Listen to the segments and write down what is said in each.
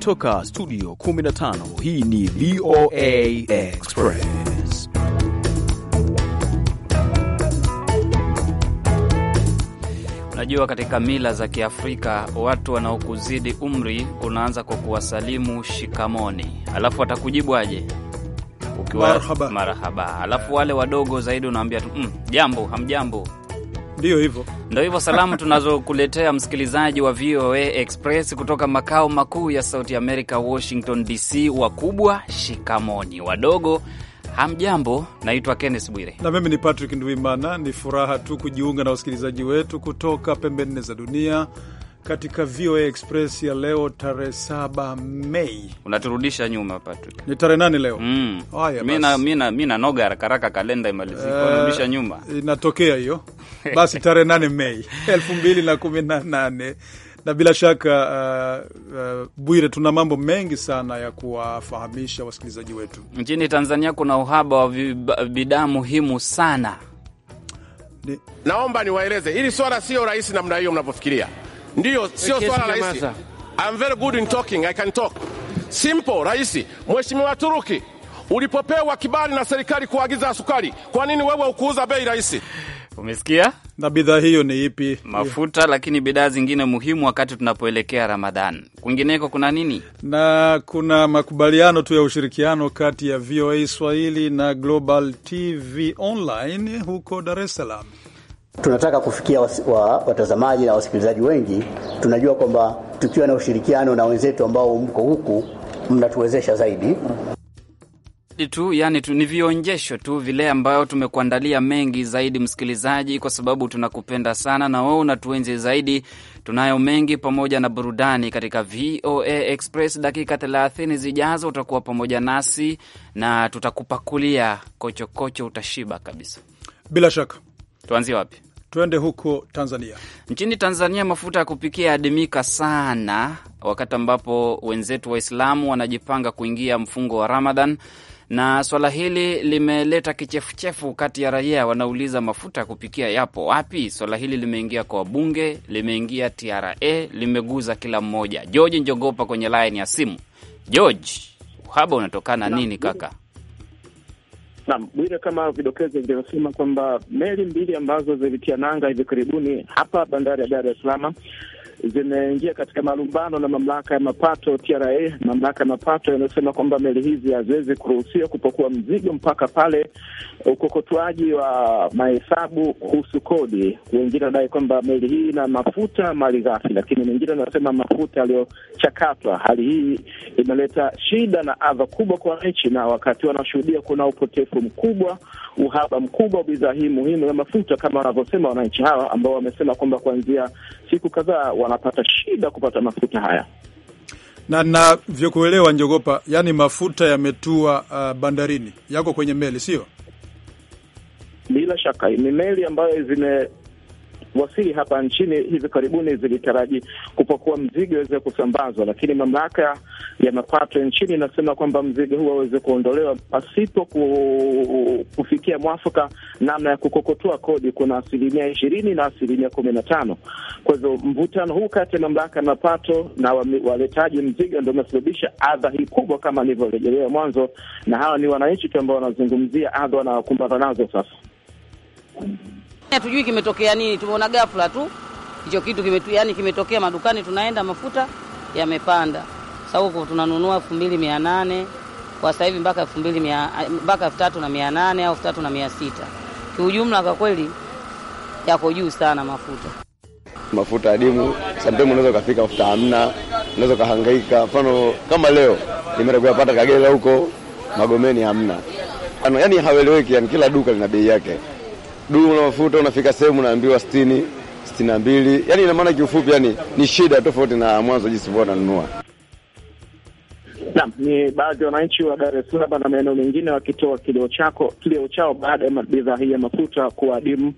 Kutoka studio 15 hii ni VOA Express. Unajua, katika mila za Kiafrika watu wanaokuzidi umri unaanza kwa kuwasalimu shikamoni, alafu watakujibu aje? Ukiwa marhaba, Alafu wale wadogo zaidi unaambia tu mm, jambo hamjambo ndio hivyo, ndio hivyo. Salamu tunazokuletea msikilizaji wa VOA Express kutoka makao makuu ya Sauti America, Washington DC. Wakubwa shikamoni, wadogo Hamjambo, naitwa Kenneth Bwire. Na mimi ni Patrick Ndwimana. Ni furaha tu kujiunga na wasikilizaji wetu kutoka pembe nne za dunia katika VOA Express ya leo tarehe saba Mei. Unaturudisha nyuma Patrick. Ni tarehe nani leo? Mm. Haya, mina, mina, mina noga haraka haraka kalenda imalizike. Uh, unarudisha eh, nyuma. Inatokea hiyo. Basi tarehe nane Mei elfu mbili na na kumi nane na bila shaka uh, uh, Bwire, tuna mambo mengi sana ya kuwafahamisha wasikilizaji wetu. Nchini Tanzania kuna uhaba wa bidhaa muhimu sana. Ni... naomba niwaeleze hili swala sio rahisi namna hiyo mnavyofikiria. Ndiyo, sio swala rahisi. I'm very good in talking, I can talk. Simple, rahisi. Mheshimiwa Turuki, ulipopewa kibali na serikali kuagiza sukari, kwa nini wewe ukuuza bei rahisi? Umesikia? Na bidhaa hiyo ni ipi? Mafuta, yeah. Lakini bidhaa zingine muhimu wakati tunapoelekea Ramadhan. Kwingineko kuna nini? Na kuna makubaliano tu ya ushirikiano kati ya VOA Swahili na Global TV Online huko Dar es Salaam. Tunataka kufikia wa, watazamaji na wasikilizaji wengi. Tunajua kwamba tukiwa na ushirikiano na wenzetu ambao mko huku mnatuwezesha zaidi tu yani tu, ni vionjesho tu vile ambayo tumekuandalia mengi zaidi, msikilizaji, kwa sababu tunakupenda sana na wewe unatuenzi zaidi. Tunayo mengi pamoja na burudani katika VOA Express. Dakika 30 zijazo utakuwa pamoja nasi na tutakupakulia kochokocho, utashiba kabisa, bila shaka. Tuanzie wapi? Tuende huko Tanzania. Nchini Tanzania, mafuta ya kupikia yaadimika sana, wakati ambapo wenzetu Waislamu wanajipanga kuingia mfungo wa Ramadhan, na swala hili limeleta kichefuchefu kati ya raia. Wanauliza mafuta ya kupikia yapo wapi? Swala hili limeingia kwa wabunge, limeingia TRA, limeguza kila mmoja. George njogopa kwenye laini ya simu. George, uhaba unatokana nini kaka? Naam, Bwire, kama vidokezo vilivyosema kwamba meli mbili ambazo zilitia nanga hivi karibuni hapa bandari ya Dar es Salaam zimeingia katika malumbano na mamlaka ya mapato TRA. Mamlaka ya mapato yanayosema kwamba meli hizi haziwezi kuruhusiwa kupokua mzigo mpaka pale ukokotwaji wa mahesabu kuhusu kodi. Wengine wanadai kwamba meli hii ina mafuta mali ghafi, lakini wengine wanasema mafuta yaliyochakatwa. Hali hii imeleta shida na adha kubwa kwa wananchi, na wakati wanaoshuhudia kuna upotefu mkubwa, uhaba mkubwa wa bidhaa hii muhimu ya mafuta, kama wanavyosema wananchi hawa ambao wamesema kwamba kuanzia siku kadhaa wanapata shida kupata mafuta haya na na vyokuelewa njogopa, yani mafuta yametua uh, bandarini, yako kwenye meli, sio? Bila shaka ni meli ambayo zime zilizowasili hapa nchini hivi karibuni zilitaraji kupakua mzigo iweze kusambazwa, lakini mamlaka ya mapato nchini inasema kwamba mzigo huo aweze kuondolewa pasipo ku, kufikia mwafaka namna ya kukokotoa kodi. Kuna asilimia ishirini na asilimia kumi na tano. Kwa hivyo mvutano huu kati ya mamlaka ya mapato na waletaji mzigo ndio umesababisha adha hii kubwa, kama nilivyorejelewa mwanzo, na hawa ni wananchi tu ambao wanazungumzia adha wanakumbana nazo sasa. Hatujui kimetokea nini, tumeona ghafla tu hicho kitu kimetu, yani kimetokea madukani, tunaenda mafuta yamepanda. Sasa huko tunanunua elfu mbili mia nane kwa sasa hivi mpaka elfu mbili mia mpaka elfu tatu na mia nane au elfu tatu na mia sita Kiujumla kwa kweli yako juu sana mafuta. Mafuta adimu sometimes unaweza ukafika mafuta hamna, unaweza ukahangaika. Mfano kama leo nimeenda kuyapata Kagera huko Magomeni hamna, yani haweleweki, yani kila duka lina bei yake dumu mafuta unafika sehemu unaambiwa sitini sitini na mbili yani ina maana kiufupi, yani ni shida tofauti na mwanzo jinsi mbona nanunua. Naam, ni baadhi ya wananchi wa Dar es Salaam na maeneo mengine wakitoa kilio chako kilio chao baada ya bidhaa hii ya mafuta kuadimu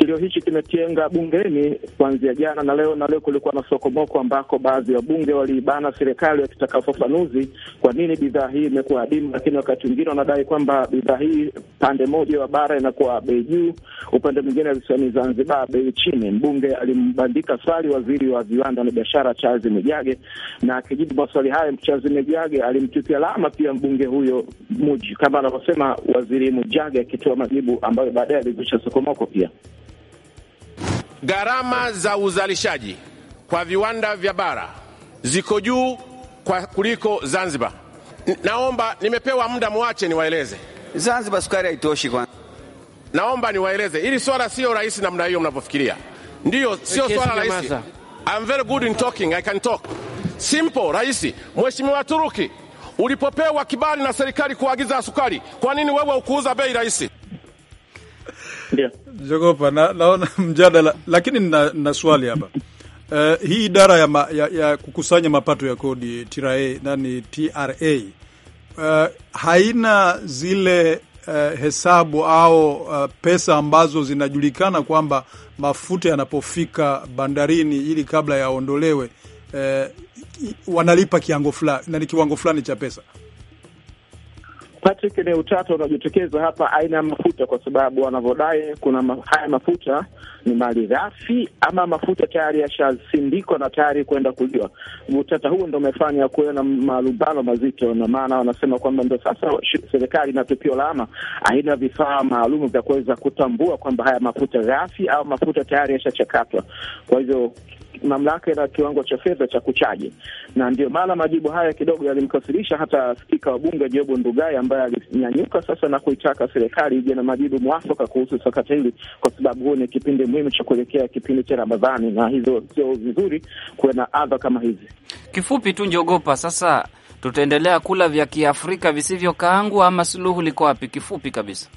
Kilio hichi kimetenga bungeni kuanzia jana na leo, na leo kulikuwa na sokomoko ambako baadhi ya wabunge waliibana serikali wakitaka ufafanuzi kwa nini bidhaa hii imekuwa adimu, lakini wakati mwingine wanadai kwamba bidhaa hii pande moja wa bara inakuwa bei juu, upande mwingine visiwani Zanzibar bei chini. Mbunge alimbandika swali waziri wa viwanda na biashara Charles Mwijage, na akijibu maswali hayo Charles Mwijage alimtupia lama pia mbunge huyo Muji, kama anavyosema waziri Mwijage akitoa majibu ambayo baadaye alizusha sokomoko pia. Gharama za uzalishaji kwa viwanda vya bara ziko juu kwa kuliko Zanzibar. Naomba, nimepewa muda, mwache niwaeleze. Zanzibar sukari haitoshi kwa. Naomba niwaeleze hili swala sio rahisi namna hiyo mnavyofikiria. Ndiyo, sio swala rahisi. I'm very good in talking, I can talk. Simple, rahisi. Mheshimiwa Turuki, ulipopewa kibali na serikali kuagiza sukari, kwa nini wewe ukuuza bei rahisi? Ndio jogopa na, naona mjadala, lakini na, na swali hapa uh, hii idara ya, ma, ya, ya kukusanya mapato ya kodi TRA nani TRA uh, eh, haina zile uh, hesabu au uh, pesa ambazo zinajulikana kwamba mafuta yanapofika bandarini ili kabla yaondolewe uh, wanalipa kiwango fulani na ni kiwango fulani cha pesa Patrick, ni utata unajitokeza hapa aina ya mafuta, kwa sababu wanavyodai kuna ma, haya mafuta ni mali ghafi ama mafuta tayari yashasindikwa na tayari kwenda kuliwa. Utata huu ndo umefanya kuwe na malumbano mazito, na maana wanasema kwamba ndo sasa serikali inatupia lawama, haina vifaa maalum vya kuweza kutambua kwamba haya mafuta ghafi au mafuta tayari yashachakatwa. Kwa hivyo mamlaka ina kiwango cha fedha cha kuchaji, na ndio maana majibu haya kidogo yalimkasirisha hata spika wa bunge Jobu Ndugai ambaye alinyanyuka sasa na kuitaka serikali ije na majibu mwafaka kuhusu sakata hili, kwa sababu huu ni kipindi muhimu cha kuelekea kipindi cha Ramadhani, na hizo sio vizuri kuwe na adha kama hizi. Kifupi tu njogopa sasa tutaendelea kula vya Kiafrika visivyokaangwa ama suluhu liko wapi? Kifupi kabisa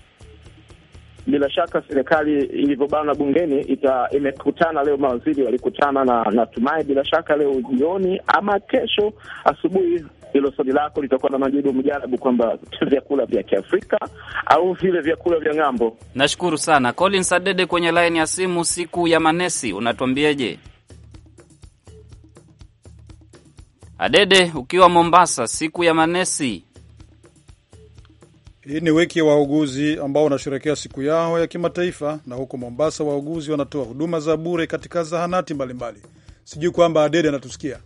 bila shaka serikali ilivyobana bungeni ita- imekutana leo, mawaziri walikutana na natumai bila shaka leo jioni ama kesho asubuhi hilo swali lako litakuwa na majibu mjarabu kwamba vyakula vya Kiafrika au vile vyakula vya ng'ambo. Nashukuru sana Colin Adede kwenye laini ya simu. Siku ya Manesi, unatuambiaje Adede ukiwa Mombasa? Siku ya Manesi hii ni wiki ya wauguzi ambao wanasherekea siku yao ya kimataifa, na huko Mombasa wauguzi wanatoa huduma za bure katika zahanati mbalimbali. Sijui kwamba Adede anatusikia.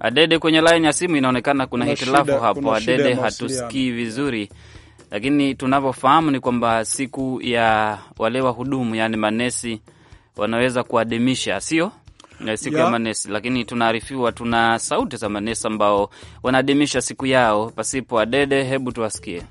Adede kwenye laini ya simu inaonekana kuna, hitilafu hapo Adede, hatusikii vizuri lakini tunavyofahamu ni kwamba siku ya wale wahudumu, yaani manesi wanaweza kuadimisha sio Eh, siku ya manesi, lakini tunaarifiwa tuna sauti za manesi ambao wanaadhimisha siku yao pasipo adede. Hebu tuwasikie.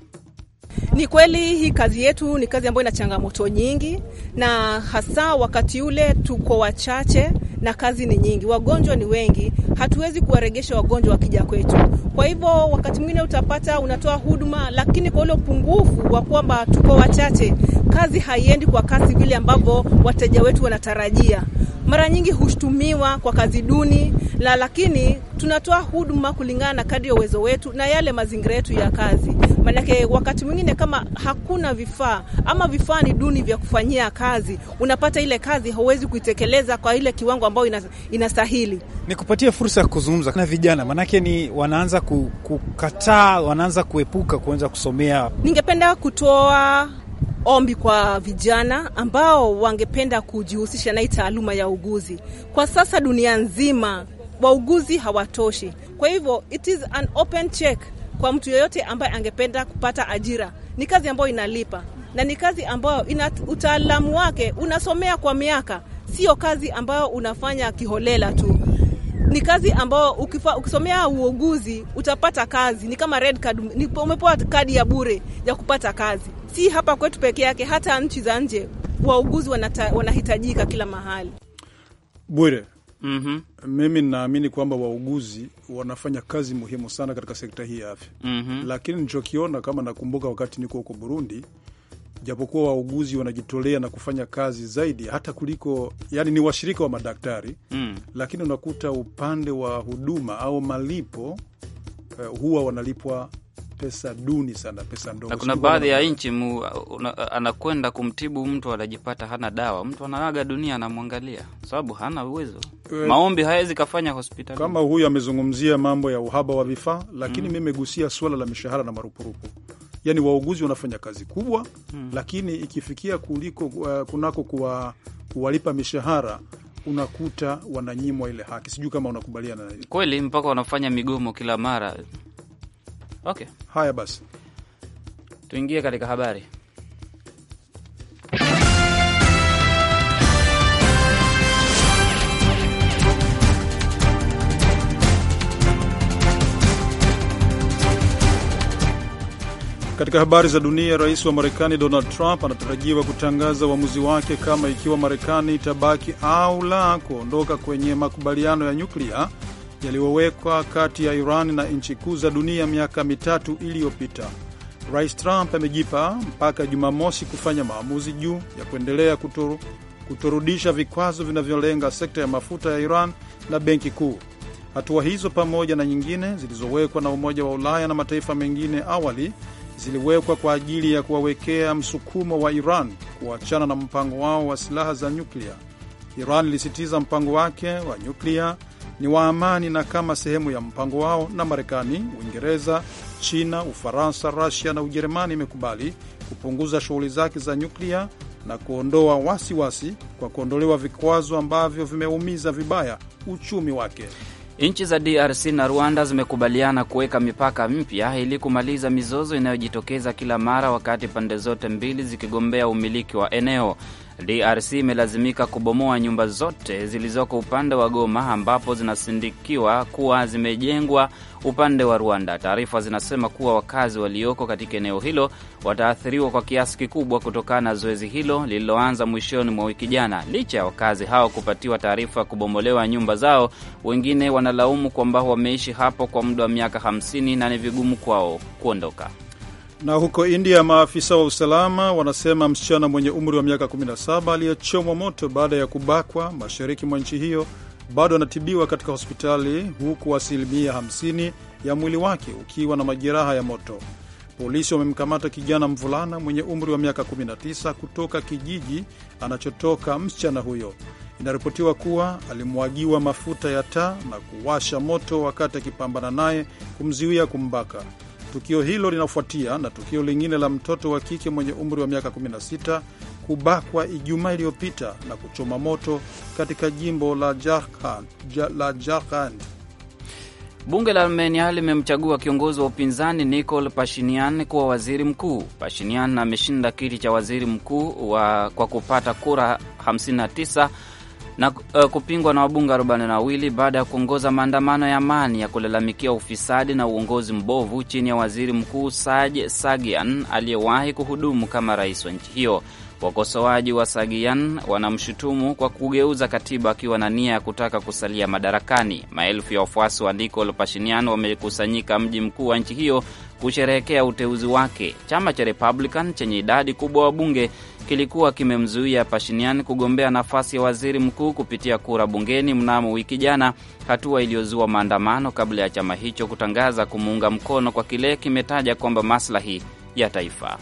Ni kweli hii kazi yetu ni kazi ambayo ina changamoto nyingi, na hasa wakati ule tuko wachache na kazi ni nyingi, wagonjwa ni wengi, hatuwezi kuwaregesha wagonjwa wakija kwetu. Kwa hivyo wakati mwingine utapata unatoa huduma, lakini kwa ule upungufu wa kwamba tuko wachache, kazi haiendi kwa kasi vile ambavyo wateja wetu wanatarajia. Mara nyingi hushutumiwa kwa kazi duni la, lakini tunatoa huduma kulingana na kadri ya uwezo wetu na yale mazingira yetu ya kazi. Maanake wakati mwingine kama hakuna vifaa ama vifaa ni duni vya kufanyia kazi, unapata ile kazi hauwezi kuitekeleza kwa ile kiwango ambayo inastahili. Nikupatie fursa ya kuzungumza na vijana, maanake ni wanaanza kukataa, wanaanza kuepuka kuanza kusomea. Ningependa kutoa ombi kwa vijana ambao wangependa kujihusisha na taaluma ya uguzi. Kwa sasa dunia nzima wauguzi hawatoshi, kwa hivyo it is an open check kwa mtu yeyote ambaye angependa kupata ajira. Ni kazi ambayo inalipa na ni kazi ambayo ina utaalamu wake, unasomea kwa miaka, sio kazi ambayo unafanya kiholela tu. Ni kazi ambayo ukifa, ukisomea uuguzi utapata kazi, ni kama red card, umepewa kadi ya bure ya kupata kazi si hapa kwetu peke yake, hata nchi za nje wauguzi wanata, wanahitajika kila mahali. Bwire, mm -hmm. Mimi ninaamini kwamba wauguzi wanafanya kazi muhimu sana katika sekta hii ya afya mm -hmm. Lakini nichokiona kama nakumbuka, wakati niko huko Burundi, japokuwa wauguzi wanajitolea na kufanya kazi zaidi hata kuliko yani, ni washirika wa madaktari mm. Lakini unakuta upande wa huduma au malipo uh, huwa wanalipwa pesa duni sana, pesa ndogo. Kuna baadhi ya nchi anakwenda kumtibu mtu anajipata hana dawa, mtu anaaga dunia, anamwangalia sababu hana uwezo e, maombi hawezi kafanya hospitali. Kama huyu amezungumzia mambo ya uhaba wa vifaa, lakini mm, mi megusia suala la mishahara na marupurupu yani wauguzi wanafanya kazi kubwa hmm, lakini ikifikia kuliko uh, kunako kuwa, kuwalipa mishahara unakuta wananyimwa ile haki. Sijui kama unakubaliana na kweli, mpaka wanafanya migomo kila mara Okay. Haya basi, tuingie katika habari. Katika habari za dunia, rais wa Marekani Donald Trump anatarajiwa kutangaza uamuzi wake kama ikiwa Marekani itabaki au la kuondoka kwenye makubaliano ya nyuklia yaliyowekwa kati ya Iran na nchi kuu za dunia miaka mitatu iliyopita. Rais Trump amejipa mpaka Jumamosi kufanya maamuzi juu ya kuendelea kuturu, kutorudisha vikwazo vinavyolenga sekta ya mafuta ya Iran na benki kuu. Hatua hizo pamoja na nyingine zilizowekwa na Umoja wa Ulaya na mataifa mengine awali ziliwekwa kwa ajili ya kuwawekea msukumo wa Iran kuachana na mpango wao wa silaha za nyuklia. Iran ilisitiza mpango wake wa nyuklia ni wa amani na kama sehemu ya mpango wao na Marekani, Uingereza, China, Ufaransa, Rasia na Ujerumani imekubali kupunguza shughuli zake za nyuklia na kuondoa wasiwasi wasi kwa kuondolewa vikwazo ambavyo vimeumiza vibaya uchumi wake. Nchi za DRC na Rwanda zimekubaliana kuweka mipaka mpya ili kumaliza mizozo inayojitokeza kila mara wakati pande zote mbili zikigombea umiliki wa eneo. DRC imelazimika kubomoa nyumba zote zilizoko upande wa Goma ambapo zinasindikiwa kuwa zimejengwa upande wa Rwanda. Taarifa zinasema kuwa wakazi walioko katika eneo hilo wataathiriwa kwa kiasi kikubwa kutokana na zoezi hilo lililoanza mwishoni mwa wiki jana. Licha ya wakazi hao kupatiwa taarifa ya kubomolewa nyumba zao, wengine wanalaumu kwamba wameishi hapo kwa muda wa miaka 50 na ni vigumu kwao kuondoka. Na huko India, maafisa wa usalama wanasema msichana mwenye umri wa miaka 17 aliyechomwa moto baada ya kubakwa mashariki mwa nchi hiyo bado anatibiwa katika hospitali huku asilimia 50 ya mwili wake ukiwa na majeraha ya moto. Polisi wamemkamata kijana mvulana mwenye umri wa miaka 19 kutoka kijiji anachotoka msichana huyo. Inaripotiwa kuwa alimwagiwa mafuta ya taa na kuwasha moto wakati akipambana naye kumziwia kumbaka. Tukio hilo linafuatia na tukio lingine la mtoto wa kike mwenye umri wa miaka 16 kubakwa Ijumaa iliyopita na kuchoma moto katika jimbo la Jharkhand, la Jharkhand. Bunge la Armenia limemchagua kiongozi wa upinzani Nikol pashinian kuwa waziri mkuu. pashinian ameshinda kiti cha waziri mkuu wa kwa kupata kura 59 na uh, kupingwa na wabunge arobaini na wawili baada ya kuongoza maandamano ya amani ya kulalamikia ufisadi na uongozi mbovu chini ya waziri mkuu Saj Sagian aliyewahi kuhudumu kama rais wa nchi hiyo. Wakosoaji wa Sagian wanamshutumu kwa kugeuza katiba akiwa na nia ya kutaka kusalia madarakani. Maelfu ya wafuasi wa Nikol pashinian wamekusanyika mji mkuu wa nchi hiyo kusherehekea uteuzi wake. Chama cha Republican chenye idadi kubwa wabunge kilikuwa kimemzuia pashinian kugombea nafasi ya waziri mkuu kupitia kura bungeni mnamo wiki jana, hatua iliyozua maandamano kabla ya chama hicho kutangaza kumuunga mkono kwa kile kimetaja kwamba maslahi ya taifa.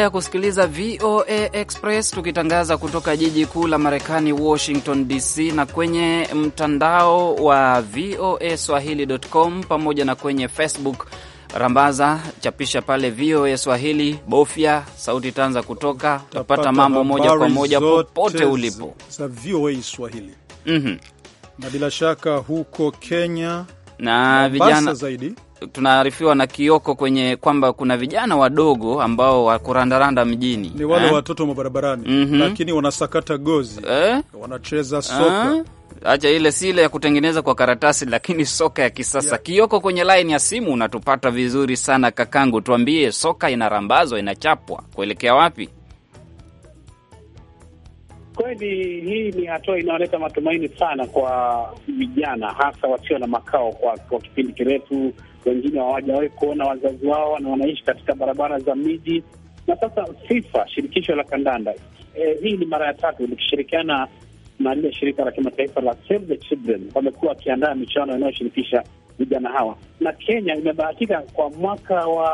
Unaendelea kusikiliza VOA Express tukitangaza kutoka jiji kuu la Marekani, Washington DC, na kwenye mtandao wa VOA Swahili.com pamoja na kwenye Facebook. Rambaza, chapisha pale VOA Swahili, bofya sauti tanza kutoka, utapata mambo moja kwa moja popote ulipo za VOA Swahili. mm -hmm. na bila shaka huko Kenya na vijana zaidi tunaarifiwa na Kioko kwenye kwamba kuna vijana wadogo ambao wakurandaranda mjini, ni wale eh, watoto wa barabarani mm -hmm, lakini wanasakata gozi eh, wanacheza ah? soka eh, acha ile si ile ya kutengeneza kwa karatasi, lakini soka ya kisasa yeah. Kioko kwenye laini ya simu unatupata vizuri sana kakangu, tuambie soka inarambazwa inachapwa kuelekea wapi? Kweli hii ni hatua inayoleta matumaini sana kwa vijana, hasa wasio na makao kwa, kwa kipindi kirefu wengine hawajawahi kuona wazazi wao na wanaishi katika barabara za miji. Na sasa FIFA, shirikisho la kandanda e, hii ni mara ya tatu likishirikiana na lile shirika la kimataifa la Save the Children, wamekuwa wakiandaa michuano inayoshirikisha vijana hawa, na Kenya imebahatika kwa mwaka wa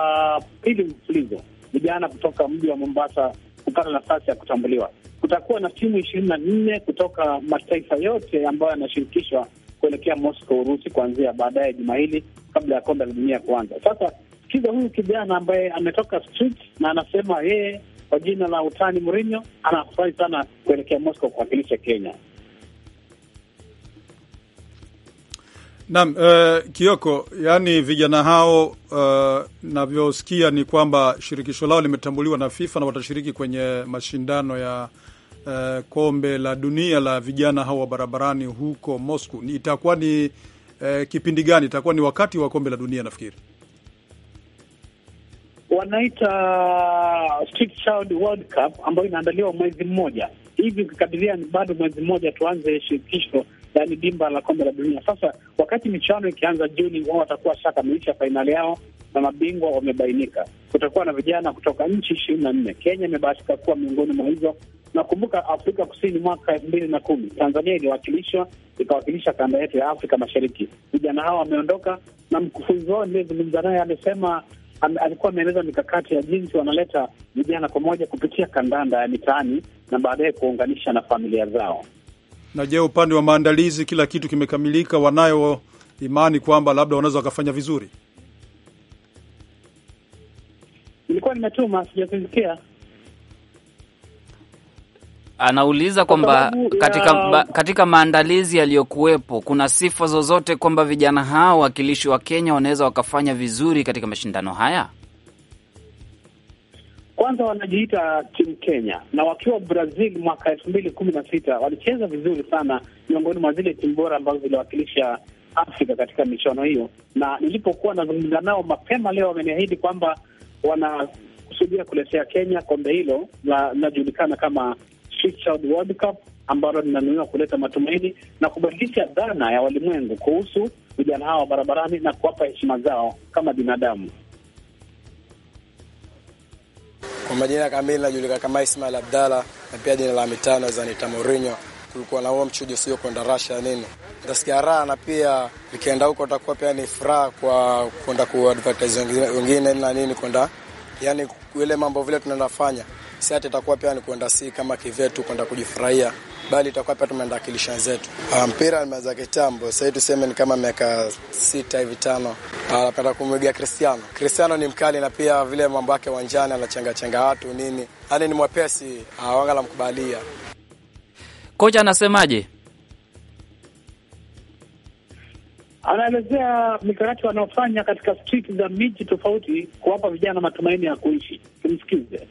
pili mfulizo vijana kutoka mji wa Mombasa kupata nafasi ya kutambuliwa. Kutakuwa na timu ishirini na nne kutoka mataifa yote ambayo yanashirikishwa kuelekea Moscow, Urusi, kuanzia baadaye juma hili kabla ya kombe la dunia kuanza. Sasa sikiza huyu kijana ambaye ametoka street na anasema yeye kwa jina la utani Mourinho anafurahi sana kuelekea Moscow kuwakilisha Kenya. Naam, uh, Kioko, yani vijana hao uh, navyosikia ni kwamba shirikisho lao limetambuliwa na FIFA na watashiriki kwenye mashindano ya uh, kombe la dunia la vijana hawa barabarani huko Moscow. Itakuwa ni uh, kipindi gani? Itakuwa ni wakati wa kombe la dunia nafikiri wanaita uh, Street Child World Cup ambayo inaandaliwa mwezi mmoja hivi, ukikadiria ni bado mwezi mmoja tuanze shirikisho, yaani dimba la kombe la dunia. Sasa wakati michuano ikianza Juni, wao watakuwa shaka shakamilisha fainali yao na mabingwa wamebainika. Kutakuwa na vijana kutoka nchi ishirini na nne. Kenya imebahatika kuwa miongoni mwa hizo, Nakumbuka Afrika Kusini mwaka elfu mbili na kumi Tanzania iliwakilishwa ikawakilisha kanda yetu ya Afrika Mashariki. Vijana hao wameondoka, na mkufunzi wao niliyezungumza naye amesema am, alikuwa ameeleza mikakati ya jinsi wanaleta vijana pamoja kupitia kandanda ya mitaani na baadaye kuunganisha na familia zao. Na je, upande wa maandalizi, kila kitu kimekamilika? Wanayo imani kwamba labda wanaweza wakafanya vizuri? Nilikuwa nimetuma sijasikia Anauliza kwamba katika, katika maandalizi yaliyokuwepo kuna sifa zozote kwamba vijana hao wakilishi wa Kenya wanaweza wakafanya vizuri katika mashindano haya? Kwanza wanajiita timu Kenya, na wakiwa Brazil mwaka elfu mbili kumi na sita walicheza vizuri sana, miongoni mwa zile timu bora ambazo ziliwakilisha Afrika katika michuano hiyo, na nilipokuwa nazungumza nao mapema leo wameniahidi kwamba wanakusudia kuletea Kenya kombe hilo linajulikana kama World Cup ambalo linanuiwa kuleta matumaini na kubadilisha dhana ya walimwengu kuhusu vijana hawa barabarani na kuwapa heshima zao kama binadamu. Kwa majina kamili najulikana kama Ismail Abdalla na pia jina la mitano Zanita Mourinho. Kulikuwa na huo mchujo sio kwenda Russia nini, nitasikia raha na pia nikienda huko atakuwa pia ni furaha kwa kwenda kuadvertise wengine na nini, kwenda yani ile mambo vile tunanafanya si itakuwa pia ni kuenda si kama kivetu kwenda kujifurahia, bali itakuwa pia tumeenda akilisha zetu. Ah, mpira nimeanza kitambo, sahii tuseme ni kama miaka sita hivi tano. Anapenda ah, kumwiga Cristiano. Cristiano ni mkali na pia vile mambo yake uwanjani, anachengachenga watu nini, yani ni mwepesi, ah, wanga la mkubalia. Kocha anasemaje? Anaelezea mikakati wanaofanya katika street za miji tofauti kuwapa vijana matumaini ya kuishi. Tumsikize.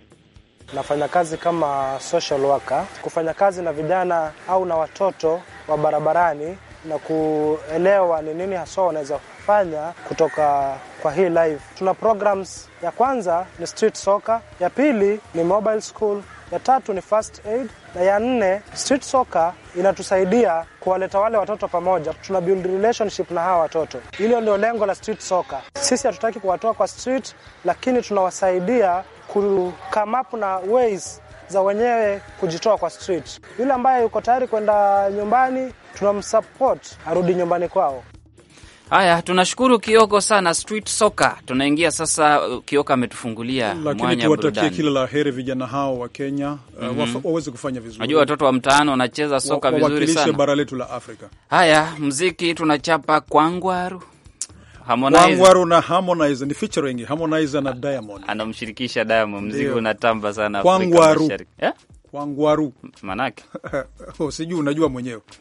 Nafanya kazi kama social worker, kufanya kazi na vijana au na watoto wa barabarani na kuelewa ni nini haswa wanaweza fanya kutoka kwa hii live. Tuna programs, ya kwanza ni street soccer, ya pili ni mobile school, ya tatu ni first aid na ya nne street soccer inatusaidia kuwaleta wale watoto pamoja, tuna build relationship na hawa watoto. Hilo ndio lengo la street soccer. Sisi hatutaki kuwatoa kwa street, lakini tunawasaidia kukamapu na ways za wenyewe kujitoa kwa street. Yule ambaye yuko tayari kwenda nyumbani tunamsupport arudi nyumbani kwao. Haya, tunashukuru Kioko sana. Street soka tunaingia sasa. Kioko ametufungulia lakini tuwatakie kila la heri vijana hao wa Kenya. mm -hmm. Uh, mhm. waweze kufanya vizuri. Najua watoto wa mtaani wanacheza soka wa, vizuri sana, wawakilishe bara letu la Afrika. Haya, mziki tunachapa kwangwaru Wangwaru na Harmonize ni featuring Harmonize na Diamond, anamshirikisha Diamond. Muziki unatamba sana Afrika Kwangwaru, yeah? Wangwaru. manake oh, sijui unajua mwenyewe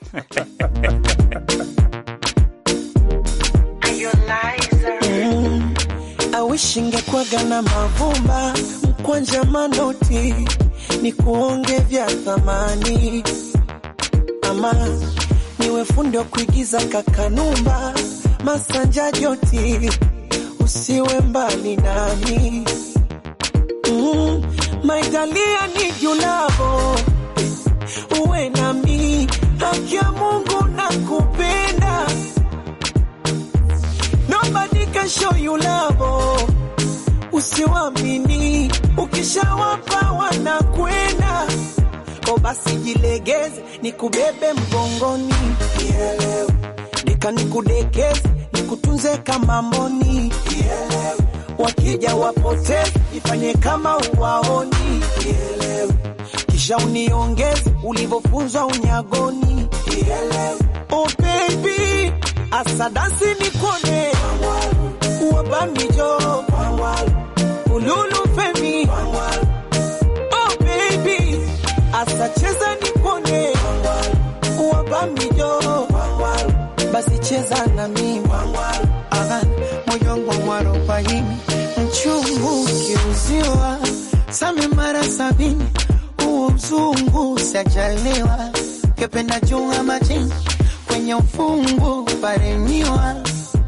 I wish ingekuwa gana mavumba mkwanja manoti ni kuonge vya thamani ama niwe fundi wa kuigiza kakanumba Masanja Joti, usiwe mbali nami mm, maitalia ni julavo uwe nami, haki ya Mungu na kupenda, nobody can show you love, usiwamini, ukishawapa wanakwenda. O basi jilegeze, nikubebe mgongoni, nikudekeze Nikutunze kama mboni yeah. Wakija wapote, ifanye kama uwaoni yeah. Kisha uniongeze ulivyofunzwa unyagoni yeah. Oh baby, asa asadasi nikone wabamijo ululufemi Oh baby, asa asacheza nikone wabamijo basi cheza na nami laini, mchungu ukiuziwa, same mara sabini, huo mzungu sajaliwa, kependa junga majini, kwenye ufungu paremiwa,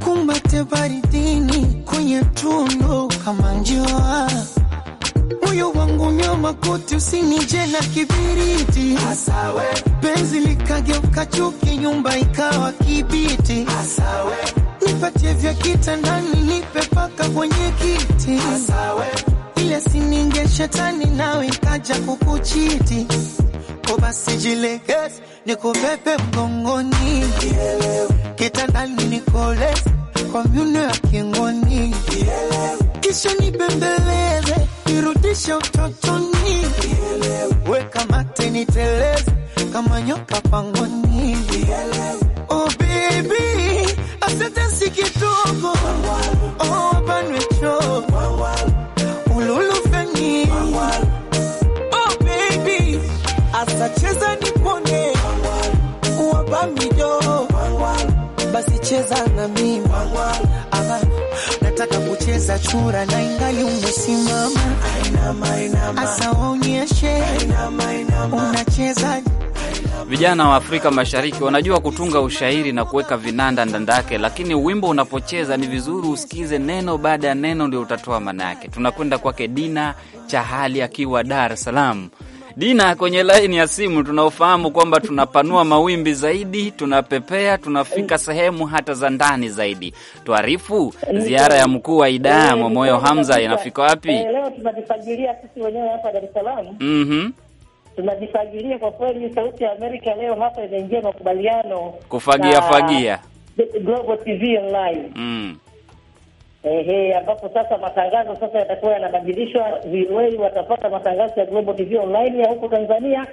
kumbate baridini, kwenye tundu kama njua moyo wangu nyoma koti usinije na kibiriti Asawe. Penzi likageuka chuki nyumba ikawa kibiti Asawe. Nipatie vya kitandani mpaka kwenye kiti ile sininge shetani nawe kaja kukuchiti ko basi jilegeze nikubebe mgongoni kitandani nikoleze kwa myuno ya kingoni kisha nibembeleze nirudishe utotoni weka mate niteleze kama nyoka pangoni oh baby asante si kidogo za chura na ingali umesimama, asa waonyeshe unacheza. Vijana wa Afrika Mashariki wanajua kutunga ushairi na kuweka vinanda ndandake lakini wimbo unapocheza ni vizuri usikize neno baada ya neno, ndio utatoa maana yake. Tunakwenda kwake Dina Chahali akiwa Dar es Salaam. Dina, kwenye laini ya simu tunaofahamu kwamba tunapanua mawimbi zaidi, tunapepea, tunafika sehemu hata za ndani zaidi. Tuarifu, ziara ya mkuu wa idaa eh, Mwamoyo Hamza inafika wapi? Eh, leo tunajifagilia sisi wenyewe hapa Dar es Salaam. Mhm. tunajifagilia kwa kweli. Sauti ya Amerika leo hapa inaingia makubaliano kufagia fagia Global TV Online. Mm ehe, ambapo sasa matangazo sasa yatakuwa yanabadilishwa. VOA watapata matangazo ya Global TV Online ya huko Tanzania,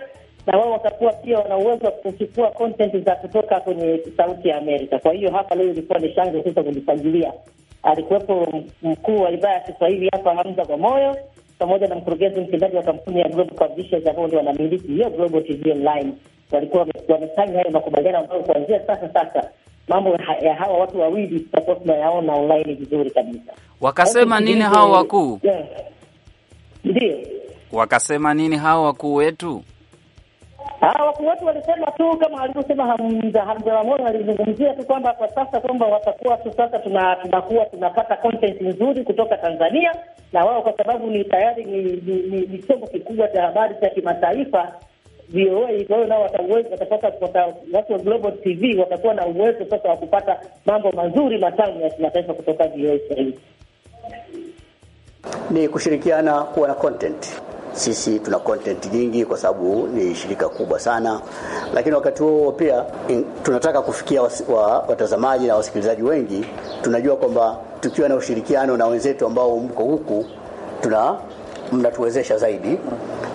na wao watakuwa pia wana uwezo wa kuchukua content za kutoka kwenye Sauti ya Amerika. Kwa hiyo hapa leo ilikuwa ni shangwe sasa kujisajilia. Alikuwepo mkuu wa idhaa ya Kiswahili hapa Hamza moyo pamoja na mkurugenzi mtendaji wa kampuni ya Global Publishers ambao ndio wanamiliki hiyo Global TV Online. Walikuwa wamefanya hayo makubaliano ambayo kuanzia sasa sasa mambo ya hawa watu wawili tutakuwa tunayaona online vizuri kabisa. Wakasema nini hao wakuu? Ndio, wakasema nini hao wakuu wetu? Wakuu wetu walisema tu kama alivyosema Hamza Hamza Ramon, walizungumzia tu kwamba kwa sasa kwamba watakuwa tu sasa tunakuwa tunapata content nzuri kutoka Tanzania, na wao kwa sababu ni tayari ni chombo kikubwa cha habari cha kimataifa VOA. Kwa hiyo nao watauwezo watapata kupata, watu wa Global TV watakuwa na uwezo sasa wa kupata mambo mazuri matamu ya kimataifa kutoka VOA Swahili. Ni kushirikiana kuwa na content. Sisi tuna content nyingi kwa sababu ni shirika kubwa sana, lakini wakati huo pia in, tunataka kufikia was, wa, watazamaji na wasikilizaji wengi. Tunajua kwamba tukiwa na ushirikiano na wenzetu ambao mko huku tuna mnatuwezesha zaidi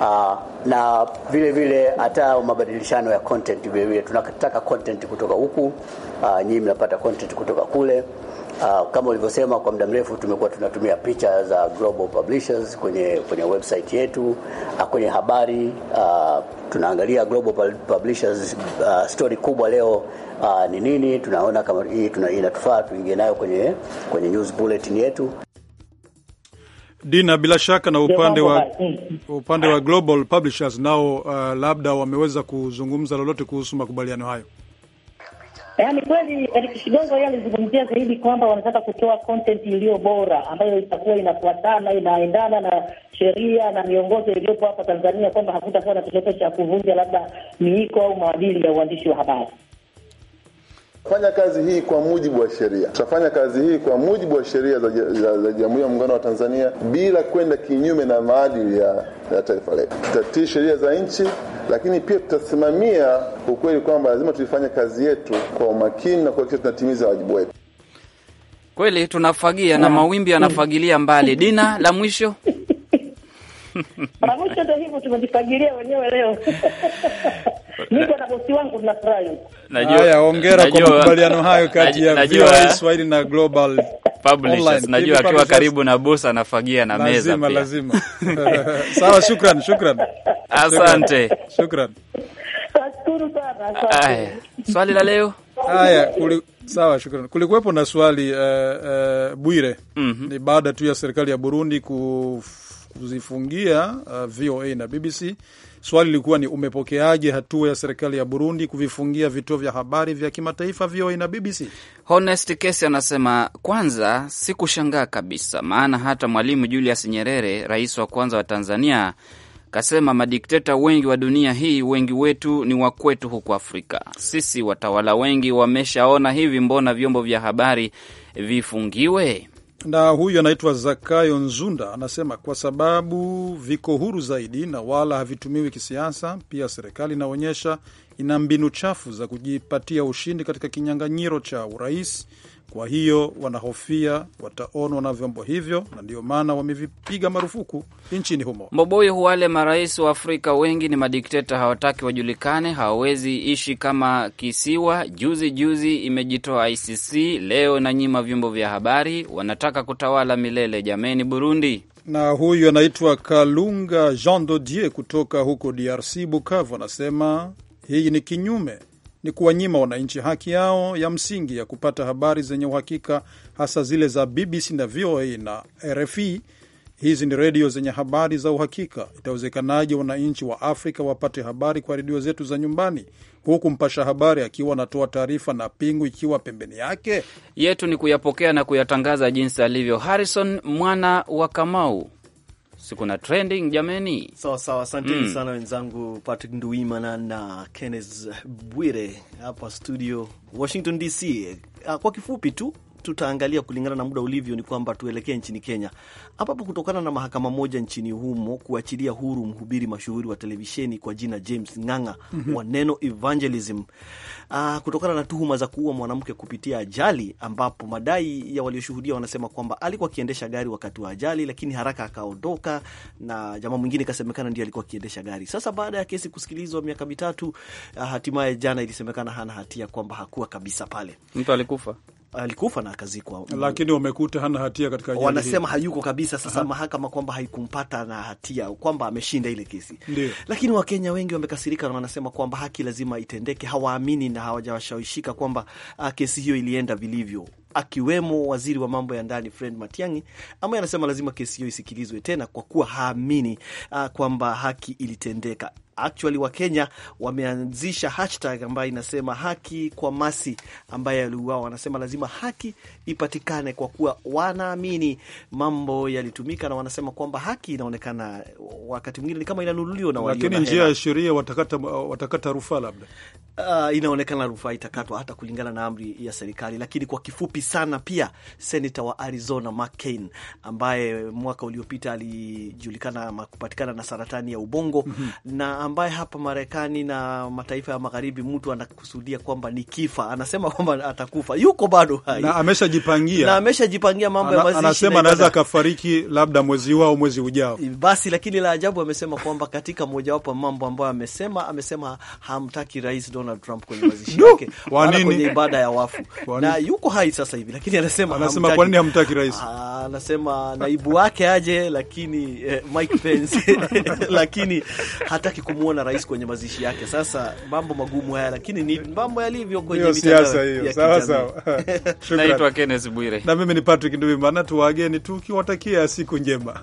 uh, na vile vile hata mabadilishano ya content vile vile tunataka content kutoka huku uh, nyinyi mnapata content kutoka kule. Uh, kama ulivyosema kwa muda mrefu tumekuwa tunatumia picha za global publishers kwenye, kwenye website yetu uh, kwenye habari uh, tunaangalia global publishers uh, story kubwa leo ni nini, tunaona kama hii inatufaa tuingie nayo kwenye, kwenye news bulletin yetu. Dina, bila shaka na upande wa mm. upande wa Global Publishers nao, uh, labda wameweza kuzungumza lolote kuhusu makubaliano hayo? Yaani kweli Eric Shigongo yeye alizungumzia zaidi kwamba wanataka kutoa content iliyo bora ambayo itakuwa inafuatana, inaendana na sheria na miongozo iliyopo hapa Tanzania, kwamba hakutakuwa na chochote cha kuvunja labda miiko au maadili ya uandishi wa habari. Fanya kazi hii kwa mujibu wa sheria. Tutafanya kazi hii kwa mujibu wa sheria za, za, za Jamhuri ya Muungano wa Tanzania bila kwenda kinyume na maadili ya, ya taifa letu. Tutatii sheria za nchi, lakini pia tutasimamia ukweli kwamba lazima tuifanye kazi yetu kwa umakini na kuhakikisha tunatimiza wajibu wetu. Kweli tunafagia na mawimbi yanafagilia mbali. Dina, la mwisho mwisho ndo hivyo tumejifagilia wenyewe leo wakati wangu nafurahi. Najua ya hongera kwa makubaliano hayo kati ya VOA Swahili na Global Publishers. Najua akiwa karibu na bosa anafagia na meza pia. Lazima, lazima. Sawa, shukran, shukran. Asante. Shukran. Shukuru swali la leo. Haya, kuli, Sawa, shukrani. Kulikuwepo na swali uh, uh, Bwire, mm -hmm. Ni baada tu ya serikali ya Burundi kuzifungia uh, VOA na BBC Swali lilikuwa ni umepokeaje hatua ya serikali ya Burundi kuvifungia vituo vya habari vya kimataifa VOA na BBC? Honest Kesi anasema kwanza, sikushangaa kabisa, maana hata Mwalimu Julius Nyerere, rais wa kwanza wa Tanzania, kasema madikteta wengi wa dunia hii, wengi wetu ni wakwetu huku Afrika. Sisi watawala wengi wameshaona hivi, mbona vyombo vya habari vifungiwe? na huyu anaitwa Zakayo Nzunda anasema kwa sababu viko huru zaidi na wala havitumiwi kisiasa. Pia serikali inaonyesha ina mbinu chafu za kujipatia ushindi katika kinyang'anyiro cha urais kwa hiyo wanahofia wataonwa na vyombo hivyo, na ndiyo maana wamevipiga marufuku nchini humo. mboboi huwale marais wa Afrika wengi ni madikteta, hawataki wajulikane, hawawezi ishi kama kisiwa. Juzi juzi imejitoa ICC, leo na nyima vyombo vya habari, wanataka kutawala milele. Jameni Burundi! Na huyu anaitwa Kalunga Jean Dodier kutoka huko DRC, Bukavu, anasema hii ni kinyume ni kuwanyima wananchi haki yao ya msingi ya kupata habari zenye uhakika, hasa zile za BBC na VOA na rfe Hizi ni redio zenye habari za uhakika. Itawezekanaje wananchi wa Afrika wapate habari kwa redio zetu za nyumbani, huku mpasha habari akiwa anatoa taarifa na pingu ikiwa pembeni yake? Yetu ni kuyapokea na kuyatangaza jinsi alivyo. Harrison mwana wa Kamau si kuna trending jameni. Sawa sawa, asanteni mm. sana wenzangu Patrick nduimana na Kenneth Bwire hapa studio Washington DC. Ah, kwa kifupi tu tutaangalia kulingana na muda ulivyo, ni kwamba tuelekee nchini Kenya, ambapo kutokana na mahakama moja nchini humo kuachilia huru mhubiri mashuhuri wa televisheni kwa jina James Ng'ang'a mm -hmm. wa Neno Evangelism uh, kutokana na tuhuma za kuua mwanamke kupitia ajali, ambapo madai ya walioshuhudia wanasema kwamba alikuwa akiendesha gari wakati wa ajali, lakini haraka akaondoka na jamaa mwingine ikasemekana ndiye alikuwa akiendesha gari. Sasa baada ya kesi kusikilizwa miaka mitatu, uh, hatimaye jana ilisemekana hana hatia kwamba hakuwa kabisa pale. Mtu alikufa alikufa na akazikwa, lakini wamekuta hana hatia katika ajali. Wanasema hayuko kabisa. Sasa Aha. mahakama kwamba haikumpata na hatia, kwamba ameshinda ile kesi. Lakini Wakenya wengi wamekasirika na wanasema kwamba haki lazima itendeke. Hawaamini na hawajawashawishika kwamba ah, kesi hiyo ilienda vilivyo, akiwemo waziri wa mambo ya ndani Fred Matiang'i ambaye anasema lazima kesi hiyo isikilizwe tena kwa kuwa haamini ah, kwamba haki ilitendeka actually Wakenya wameanzisha hashtag ambayo inasema haki kwa Masi ambaye aliuawa. Wanasema lazima haki ipatikane, kwa kuwa wanaamini mambo yalitumika, na wanasema kwamba haki inaonekana wakati mwingine ni kama inanunuliwa na walio na hela, lakini njia ya sheria watakata, watakata rufaa labda uh, inaonekana rufaa itakatwa hata kulingana na amri ya serikali. Lakini kwa kifupi sana, pia senata wa Arizona McCain ambaye mwaka uliopita alijulikana ama kupatikana na saratani ya ubongo mm -hmm. na ambaye hapa Marekani na mataifa ya magharibi mtu anakusudia kwamba ni kifa, anasema kwamba atakufa, yuko bado hai na ameshajipangia na ameshajipangia mambo ya mazishi, anasema anaweza akafariki labda mwezi huu au mwezi ujao. Basi lakini la ajabu amesema kwamba katika mojawapo mambo ambayo amesema amesema hamtaki rais Donald Donald Trump kwenye mazishi yake wala kwenye ibada ya wafu, na yuko hai sasa hivi, lakini anasema anasema kwa nini hamtaki rais? Ah, anasema naibu wake aje, lakini eh, Mike Pence lakini hataki kumwona rais kwenye mazishi yake. Sasa mambo magumu haya, lakini ni mambo yalivyo kwenye siasa hiyo. Sawa sawa, naitwa Kenneth Bwire na mimi ni Patrick Nduvimana, tuwageni tukiwatakia siku njema.